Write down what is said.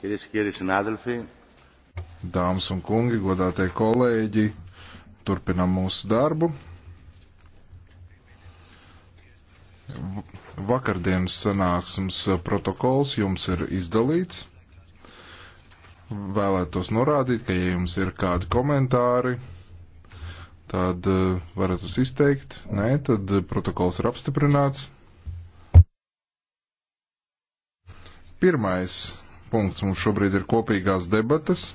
Dāmas un kungi, godātie kolēģi, turpinam mūsu darbu. Vakardienas sanāksmes protokols jums ir izdalīts. Vēlētos norādīt, ka, ja jums ir kādi komentāri, tad eh, varat uz izteikt. Nē, tad protokols ir apstiprināts. Pirmais punkts. Mums šobrīd ir kopīgās debatas.